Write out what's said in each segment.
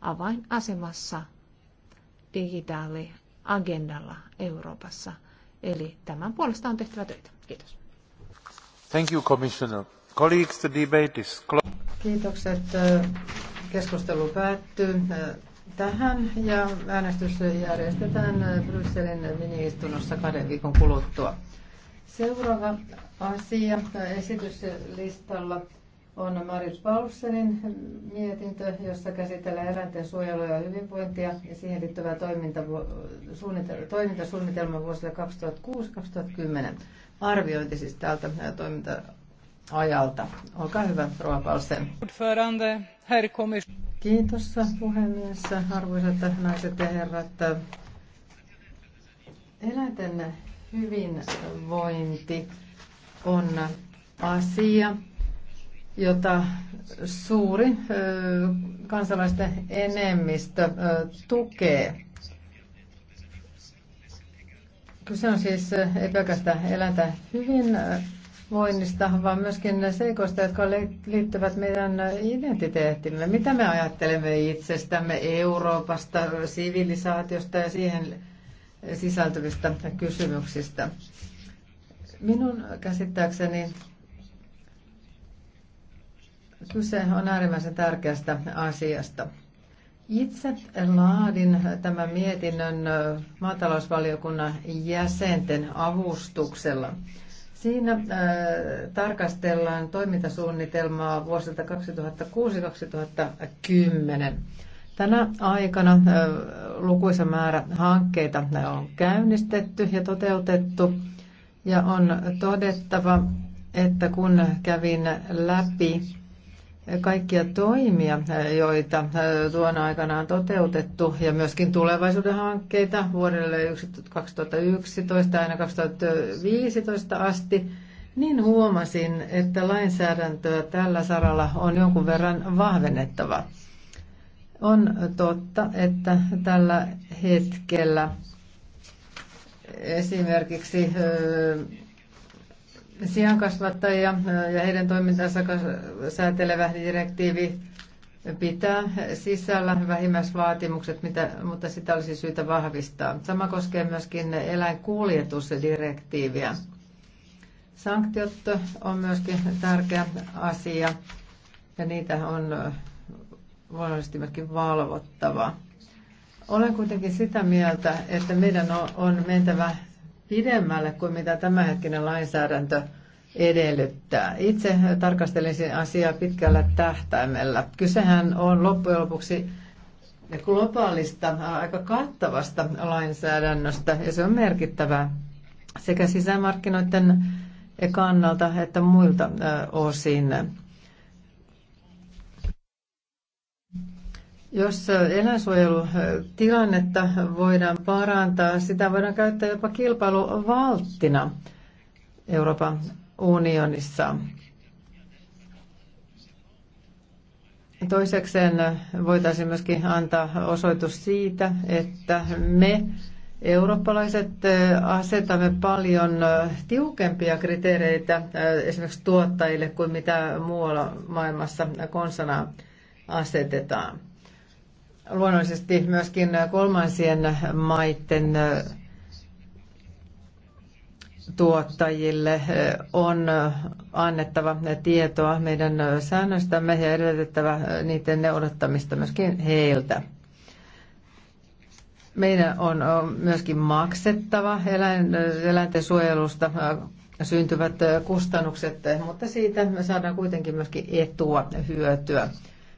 avainasemassa digitaaliagendalla Euroopassa. Eli tämän puolesta on tehtävä töitä. Kiitos. Thank you, Commissioner. Colleagues, the debate is closed. Kiitokset. Keskustelu päättyy äh, tähän ja äänestys järjestetään äh, Brysselin miniistunnossa kahden viikon kuluttua. Seuraava asia äh, esityslistalla on Marit Paulsenin mietintö, jossa käsitellään eläinten suojelua ja hyvinvointia ja siihen liittyvää toiminta, toimintasuunnitelma vuosille 2006-2010. Arviointi siis täältä toiminta-ajalta. Olkaa hyvä, Rova Paulsen. Kiitos puhemies, arvoisat naiset ja herrat. Eläinten hyvinvointi on asia, jota suuri kansalaisten enemmistö tukee. Kyse on siis ei pelkästään eläintä hyvinvoinnista, vaan myöskin seikoista, jotka liittyvät meidän identiteettimme. Mitä me ajattelemme itsestämme, Euroopasta, sivilisaatiosta ja siihen sisältyvistä kysymyksistä? Minun käsittääkseni Kyse on äärimmäisen tärkeästä asiasta. Itse laadin tämän mietinnön maatalousvaliokunnan jäsenten avustuksella. Siinä äh, tarkastellaan toimintasuunnitelmaa vuosilta 2006-2010. Tänä aikana lukuisa määrä hankkeita on käynnistetty ja toteutettu. Ja on todettava, että kun kävin läpi kaikkia toimia, joita tuona aikana on toteutettu ja myöskin tulevaisuuden hankkeita vuodelle 2011 aina 2015 asti, niin huomasin, että lainsäädäntöä tällä saralla on jonkun verran vahvennettava. On totta, että tällä hetkellä esimerkiksi Sijankasvattajia ja heidän toimintansa säätelevä direktiivi pitää sisällä vähimmäisvaatimukset, mitä, mutta sitä olisi syytä vahvistaa. Sama koskee myöskin eläinkuljetusdirektiiviä. Sanktiot on myöskin tärkeä asia ja niitä on luonnollisesti myöskin valvottava. Olen kuitenkin sitä mieltä, että meidän on mentävä pidemmälle kuin mitä tämänhetkinen lainsäädäntö edellyttää. Itse tarkastelisin asiaa pitkällä tähtäimellä. Kysehän on loppujen lopuksi globaalista, aika kattavasta lainsäädännöstä, ja se on merkittävää sekä sisämarkkinoiden kannalta että muilta osin. Jos eläinsuojelutilannetta voidaan parantaa, sitä voidaan käyttää jopa kilpailuvalttina Euroopan unionissa. Toisekseen voitaisiin myöskin antaa osoitus siitä, että me eurooppalaiset asetamme paljon tiukempia kriteereitä esimerkiksi tuottajille kuin mitä muualla maailmassa konsanaan asetetaan luonnollisesti myöskin kolmansien maiden tuottajille on annettava tietoa meidän säännöistämme ja edellytettävä niiden noudattamista myöskin heiltä. Meidän on myöskin maksettava eläinten suojelusta syntyvät kustannukset, mutta siitä me saadaan kuitenkin myöskin etua, hyötyä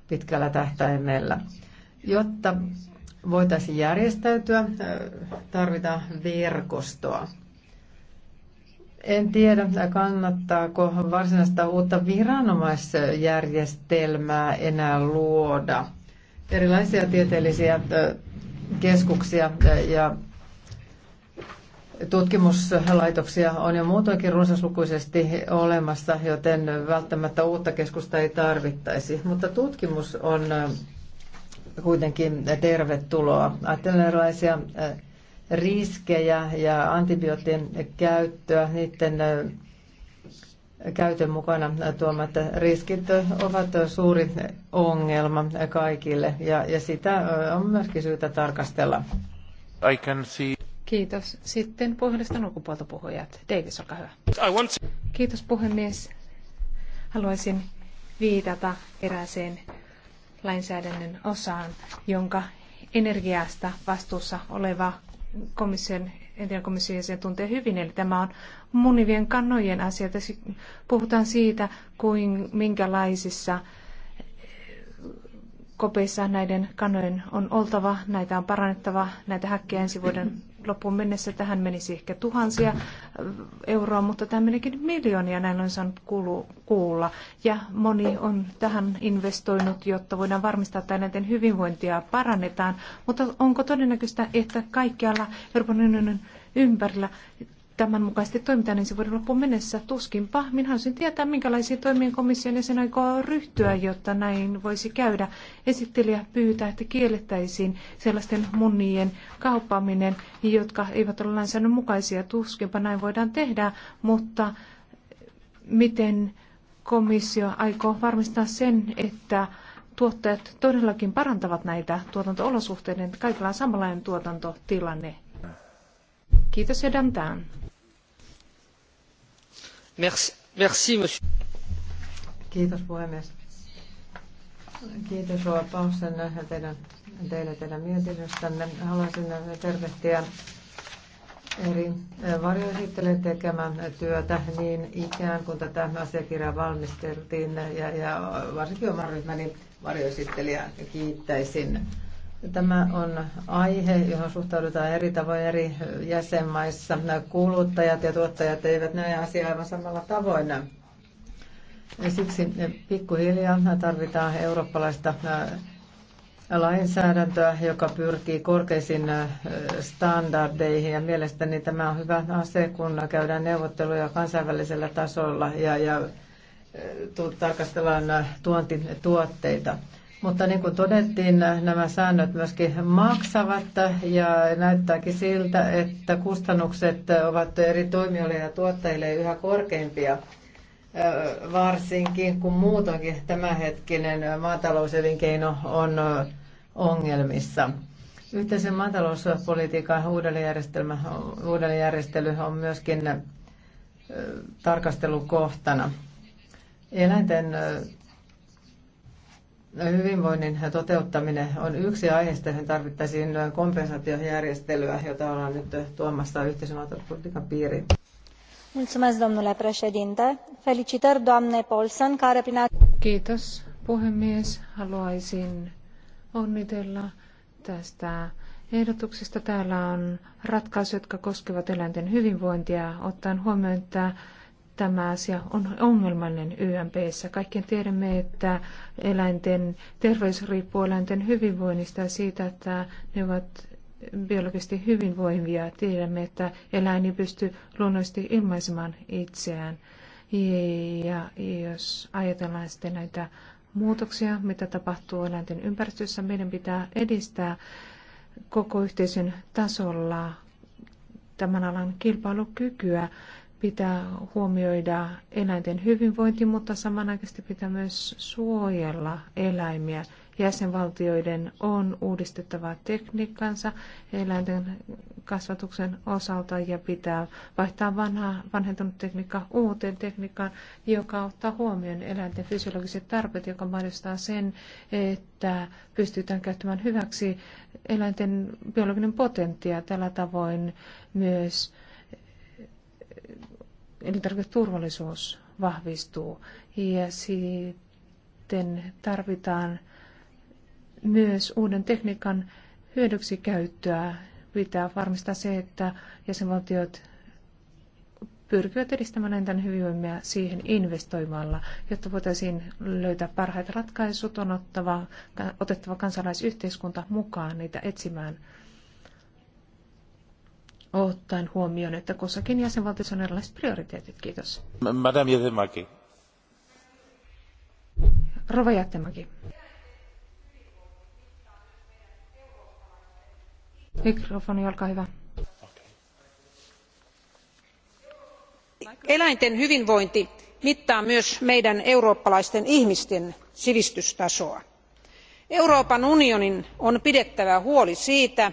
pitkällä tähtäimellä. Jotta voitaisiin järjestäytyä, tarvitaan verkostoa. En tiedä, kannattaako varsinaista uutta viranomaisjärjestelmää enää luoda. Erilaisia tieteellisiä keskuksia ja tutkimuslaitoksia on jo muutoinkin runsaslukuisesti olemassa, joten välttämättä uutta keskusta ei tarvittaisi. Mutta tutkimus on kuitenkin tervetuloa. Ajattelen erilaisia riskejä ja antibioottien käyttöä, niiden käytön mukana tuomat riskit ovat suuri ongelma kaikille ja, ja sitä on myöskin syytä tarkastella. I can see. Kiitos. Sitten puhujalistan nukupuolta puhujat. Davis, olkaa hyvä. I want to... Kiitos puhemies. Haluaisin viitata erääseen lainsäädännön osaan, jonka energiasta vastuussa oleva komission, entinen komission jäsen tuntee hyvin. Eli tämä on munivien kannojen asia. Tässä puhutaan siitä, kuin, minkälaisissa kopeissa näiden kanojen on oltava. Näitä on parannettava, näitä häkkejä ensi vuoden loppuun mennessä tähän menisi ehkä tuhansia äh, euroa, mutta tämä menikin miljoonia, näin on saanut kuulla. Ja moni on tähän investoinut, jotta voidaan varmistaa, että näiden hyvinvointia parannetaan. Mutta onko todennäköistä, että kaikkialla Euroopan unionin ympärillä tämän mukaisesti toimitaan ensi vuoden loppuun mennessä. Tuskinpa. Minä haluaisin tietää, minkälaisiin toimiin komission sen aikoo ryhtyä, jotta näin voisi käydä. Esittelijä pyytää, että kiellettäisiin sellaisten munnien kauppaaminen, jotka eivät ole lainsäädännön mukaisia. Tuskinpa näin voidaan tehdä, mutta miten komissio aikoo varmistaa sen, että tuottajat todellakin parantavat näitä tuotantoolosuhteiden, että kaikilla on samanlainen tuotantotilanne. Kiitos ja Kiitos puhemies. Kiitos Roa Pausen teidän, teille teidän mietinnöstänne. Haluaisin tervehtiä eri varjoesittelijöiden tekemän työtä niin ikään kuin tätä asiakirjaa valmisteltiin ja, ja varsinkin oman ryhmäni varjoesittelijä kiittäisin. Tämä on aihe, johon suhtaudutaan eri tavoin eri jäsenmaissa. Kuluttajat ja tuottajat eivät näe asiaa aivan samalla tavoin. ja Siksi pikkuhiljaa tarvitaan eurooppalaista äh, lainsäädäntöä, joka pyrkii korkeisiin äh, standardeihin. Ja mielestäni tämä on hyvä ase, kun käydään neuvotteluja kansainvälisellä tasolla ja, ja äh, tarkastellaan tuontituotteita. tuotteita mutta niin kuin todettiin, nämä säännöt myöskin maksavat ja näyttääkin siltä, että kustannukset ovat eri toimijoille ja tuottajille yhä korkeimpia varsinkin kun muutoinkin tämänhetkinen maatalouselinkeino on ongelmissa. Yhteisen maatalouspolitiikan uudelleenjärjestely on myöskin tarkastelukohtana. Eläinten hyvinvoinnin toteuttaminen on yksi aiheesta, johon tarvittaisiin kompensaatiojärjestelyä, jota ollaan nyt tuomassa yhteisen piiriin. Mulțumesc, domnule președinte. Felicitări, doamne Paulsen, care prin... Kiitos, puhemies. Haluaisin onnitella tästä ehdotuksesta. Täällä on ratkaisuja, jotka koskevat eläinten hyvinvointia, ottaen huomioon, että tämä asia on ongelmallinen YMPssä. Kaikkien tiedämme, että eläinten terveys riippuu eläinten hyvinvoinnista ja siitä, että ne ovat biologisesti hyvinvoivia. Tiedämme, että eläin ei pysty luonnollisesti ilmaisemaan itseään. Ja jos ajatellaan sitten näitä muutoksia, mitä tapahtuu eläinten ympäristössä, meidän pitää edistää koko yhteisön tasolla tämän alan kilpailukykyä Pitää huomioida eläinten hyvinvointi, mutta samanaikaisesti pitää myös suojella eläimiä. Jäsenvaltioiden on uudistettava tekniikkansa eläinten kasvatuksen osalta ja pitää vaihtaa vanha, vanhentunut tekniikka uuteen tekniikkaan, joka ottaa huomioon eläinten fysiologiset tarpeet, joka mahdollistaa sen, että pystytään käyttämään hyväksi eläinten biologinen potentiaa tällä tavoin myös elintarviketurvallisuus vahvistuu ja sitten tarvitaan myös uuden tekniikan käyttöä. Pitää varmistaa se, että jäsenvaltiot pyrkivät edistämään entän hyvinvoimia siihen investoimalla, jotta voitaisiin löytää parhaita ratkaisut, on ottava, otettava kansalaisyhteiskunta mukaan niitä etsimään ottaen huomioon, että kussakin jäsenvaltiossa on erilaiset prioriteetit. Kiitos. Madame Jätemäki. Rova Jätemäki. Mikrofoni, olkaa hyvä. eläinten hyvinvointi mittaa myös meidän eurooppalaisten ihmisten sivistystasoa. euroopan unionin on pidettävä huoli siitä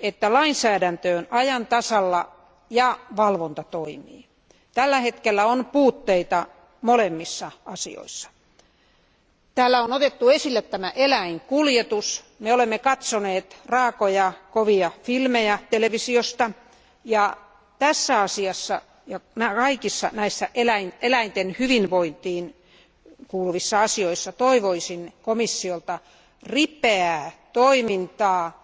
että lainsäädäntö on ajan tasalla ja valvonta toimii. tällä hetkellä on puutteita molemmissa asioissa. täällä on otettu esille eläinkuljetus. me olemme katsoneet raakoja kovia filmejä televisiosta ja tässä asiassa ja kaikissa näissä eläinten hyvinvointiin kuuluvissa asioissa toivoisin komissiolta ripeää toimintaa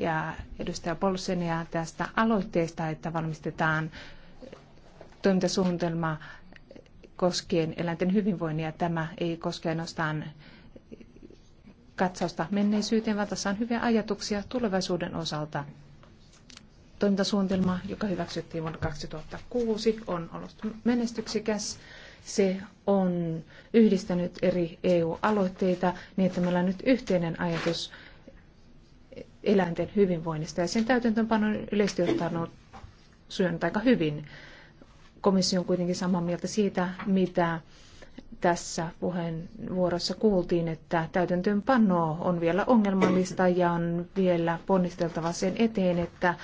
ja edustaja Polsenia tästä aloitteesta, että valmistetaan toimintasuunnitelma koskien eläinten hyvinvoinnia. Tämä ei koske ainoastaan katsausta menneisyyteen, vaan tässä on hyviä ajatuksia tulevaisuuden osalta. Toimintasuunnitelma, joka hyväksyttiin vuonna 2006, on ollut menestyksikäs. Se on yhdistänyt eri EU-aloitteita niin, että meillä on nyt yhteinen ajatus eläinten hyvinvoinnista ja sen täytäntöönpano on yleisesti ottaen sujunut aika hyvin. Komissio on kuitenkin samaa mieltä siitä, mitä tässä puheenvuorossa kuultiin, että täytäntöönpano on vielä ongelmallista ja on vielä ponnisteltava sen eteen, että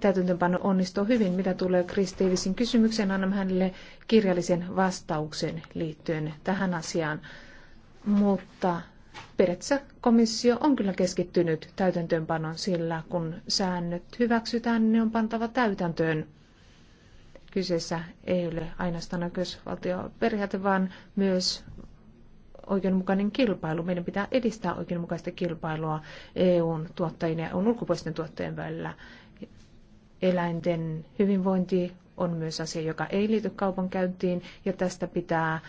täytäntöönpano onnistuu hyvin. Mitä tulee Chris Davisin kysymykseen, annamme hänelle kirjallisen vastauksen liittyen tähän asiaan. Mutta periaatteessa komissio on kyllä keskittynyt täytäntöönpanon sillä, kun säännöt hyväksytään, ne on pantava täytäntöön. Kyseessä ei ole ainoastaan oikeusvaltioperiaate, vaan myös oikeudenmukainen kilpailu. Meidän pitää edistää oikeudenmukaista kilpailua EUn tuottajien ja EUn ulkopuolisten tuottajien välillä. Eläinten hyvinvointi on myös asia, joka ei liity kaupankäyntiin, ja tästä pitää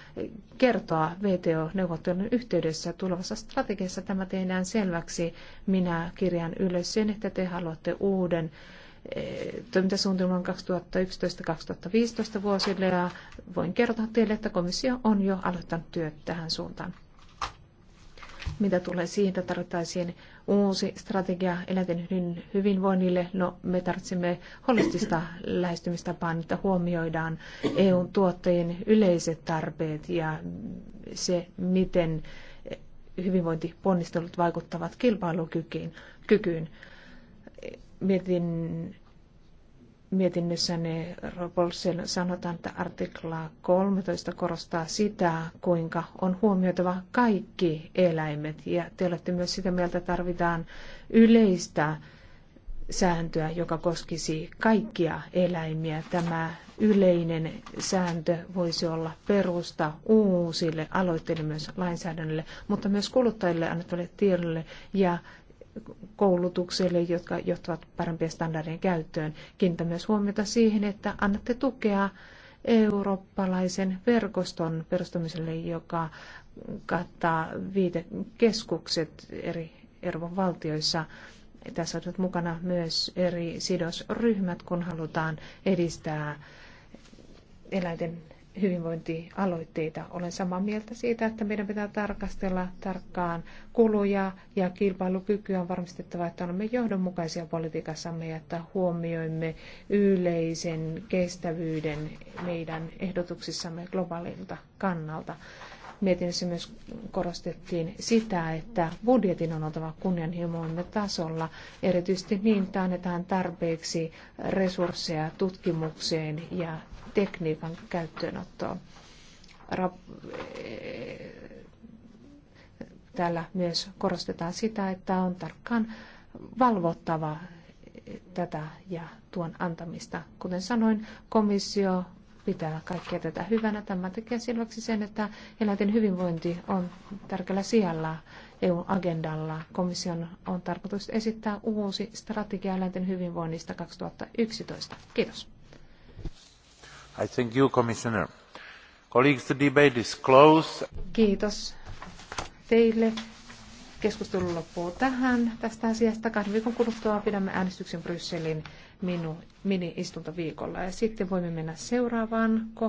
kertoa VTO-neuvottelun yhteydessä tulevassa strategiassa. Tämä tehdään selväksi. Minä kirjan ylös sen, että te haluatte uuden eh, toimintasuunnitelman 2011-2015 vuosille, ja voin kertoa teille, että komissio on jo aloittanut työt tähän suuntaan mitä tulee siihen, että tarvittaisiin uusi strategia eläinten hyvinvoinnille. No, me tarvitsemme holistista lähestymistapaa, että huomioidaan EUn tuottajien yleiset tarpeet ja se, miten hyvinvointiponnistelut vaikuttavat kilpailukykyyn. Mietin mietinnössäni Robolsen sanotaan, että artikla 13 korostaa sitä, kuinka on huomioitava kaikki eläimet. Ja te olette myös sitä mieltä, että tarvitaan yleistä sääntöä, joka koskisi kaikkia eläimiä. Tämä yleinen sääntö voisi olla perusta uusille aloitteille myös lainsäädännölle, mutta myös kuluttajille annettavalle tiedolle ja koulutukselle, jotka johtavat parempien standardien käyttöön. Kiinnitä myös huomiota siihen, että annatte tukea eurooppalaisen verkoston perustamiselle, joka kattaa viite keskukset eri Euroopan valtioissa. Tässä on mukana myös eri sidosryhmät, kun halutaan edistää eläinten hyvinvointialoitteita. Olen samaa mieltä siitä, että meidän pitää tarkastella tarkkaan kuluja ja kilpailukykyä on varmistettava, että olemme johdonmukaisia politiikassamme ja että huomioimme yleisen kestävyyden meidän ehdotuksissamme globaalilta kannalta. Mietinnössä myös korostettiin sitä, että budjetin on oltava kunnianhimoimme tasolla, erityisesti niin, että annetaan tarpeeksi resursseja tutkimukseen ja tekniikan käyttöönottoon. Täällä myös korostetaan sitä, että on tarkkaan valvottava tätä ja tuon antamista. Kuten sanoin, komissio pitää kaikkea tätä hyvänä. Tämä tekee selväksi sen, että eläinten hyvinvointi on tärkeällä sijalla EU-agendalla. Komission on tarkoitus esittää uusi strategia eläinten hyvinvoinnista 2011. Kiitos. I thank you, Commissioner. Colleagues, the debate is closed. Kiitos teille. Keskustelu loppuu tähän. Tästä asiasta kahden viikon kuluttua pidämme äänestyksen Brysselin minu, mini-istuntoviikolla. Ja sitten voimme mennä seuraavaan kohtaan.